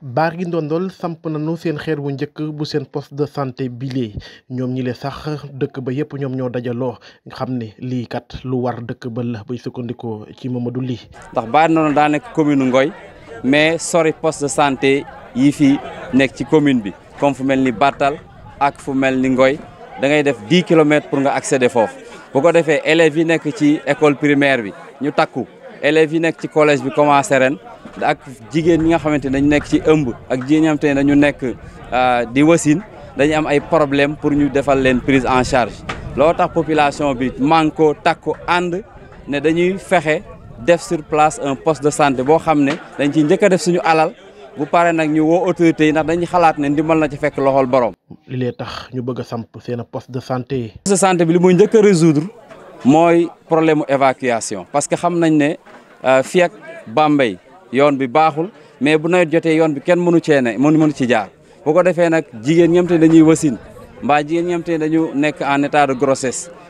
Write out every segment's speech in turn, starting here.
baar gi ndondol samp na nañu seen xeer bu njëkk bu seen poste de santé bilee ñoom ñi le sax dëkk ba yépp ñoom ñoo dajaloo xam ne lii kat lu war dëkk ba la bay sukkandikoo ci Mamadou lii ndax baar noonu daa nekk commune Ngoy mais sori poste de santé yi fii nekk ci commune bi comme fu mel ni Battal ak fu mel ni Ngoy da ngay def 10 kilomètres pour nga accéder foofu bu ko defee élèves yi nekk ci école primaire bi ñu takku élèves yi nekk ci collège bi commencé ren ak jigéen ñi nga xamante ne dañu nekk ci ëmb ak jigéen ñi nga xamante euh, di wasin dañu am ay problème pour ñu defal leen prise en charge loo tax population bi manko takku ànd ne dañuy fexe def sur place un poste de santé boo xam ne dañ ci njëkk a def suñu alal bu paree nag ñu woo autorité yi ndax dañuy xalaat ne ndimbal na ci fekk loxol borom. li lee tax ñu bëgg a samp seen poste de santé. poste de bi li muy njëkk a résoudre mooy problème mu évacuation parce que xam nañ ne euh, fii ak yoon bi baaxul mais bu nawet jotee yoon bi kenn mënu cee ne mënu mënu ci jaar bu ko defee nag jigéen ñam te dañuy wasin mbaa jigéen ñam dañu nekk en état de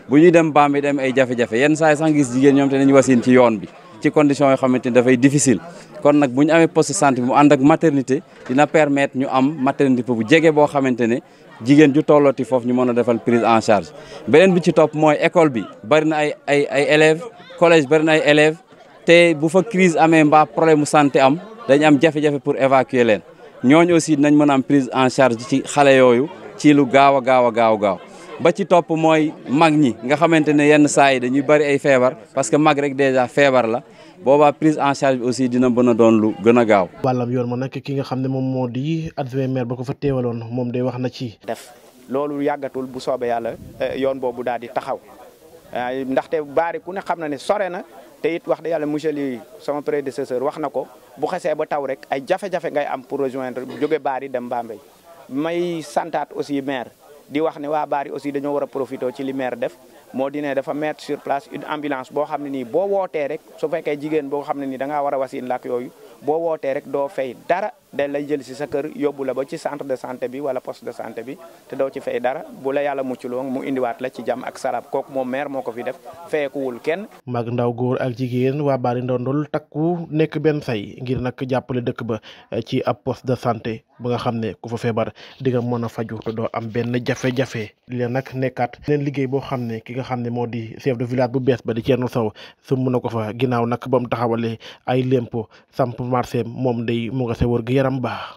bu ñuy dem baam bi dem ay jafe-jafe saa yi jigéen ñoom te dañuy wasin ci yoon bi ci condition yoo xamante ni dafay difficile kon nag bu ñu amee poste santé mu ànd ak maternité dina permettre ñu am maternité bu jege boo xamante ne jigéen ju tollooti foofu ñu mën a defal prise en charge beneen bi ci topp mooy école bi bari na ay ay élèves collège bari na ay élèves te bu fa crise amee mbaa problème mu santé am dañ am jafe-jafe pour évacuer leen ñooñ aussi dinañ mën a am prise en charge ci xale yooyu ci lu gaaw a gaaw a gaaw ba ci topp mooy mag ñi nga xamante ne yenn saa yi dañuy bari ay feebar parce que mag rek déjà feebar la boobaa prise en charge aussi dina mën a doon lu gën a gaaw. wàllam yoon ma nag ki nga xam ne moom moo di adjoint maire ba ko fa teewaloon moom day wax na ci. def loolu yàggatul bu soobee yàlla eh, yoon boobu daal di taxaw. ndaxte Barry ku ne xam na ne sore na te it wax dëgg yàlla monsieur li sama prédécesseur wax na ko bu xasee ba taw rek ay jafe-jafe ngay am pour rejoindre jóge Barry dem Bambey may santaat aussi maire di wax ne waa Bargny aussi dañoo war a profité ci li def moo di ne dafa mettre sur place une ambulance boo xam ne nii woote wootee rek su fekkee jigéen boo xam ne nii da war a wasin lak yooyu boo wootee rek doo fay dara dañ lay jël si sa kër yóbbu la ba ci centre de santé bi wala poste de santé bi te doo ci fay dara bo la yàlla mucculoo mu indiwaat la ci jam ak salaam kooku moom maire moo ko fi def feekuwul kenn. mag ndaw góor ak jigéen waa Bargny Ndondol takku nekk benn say ngir nag jàppale dëkk ba ci ab poste de santé. ba nga xam ne ku fa feebar di nga mën a faju te doo am benn jafe-jafe leen nag nekkaat leen liggéey boo xam ne ki nga xam ne moo di chef de village bu bees ba di Thierno Sow sumb na ko fa ginnaaw nag ba mu taxawalee ay lémpo samp marché moom day mu nga sa gu yaram baax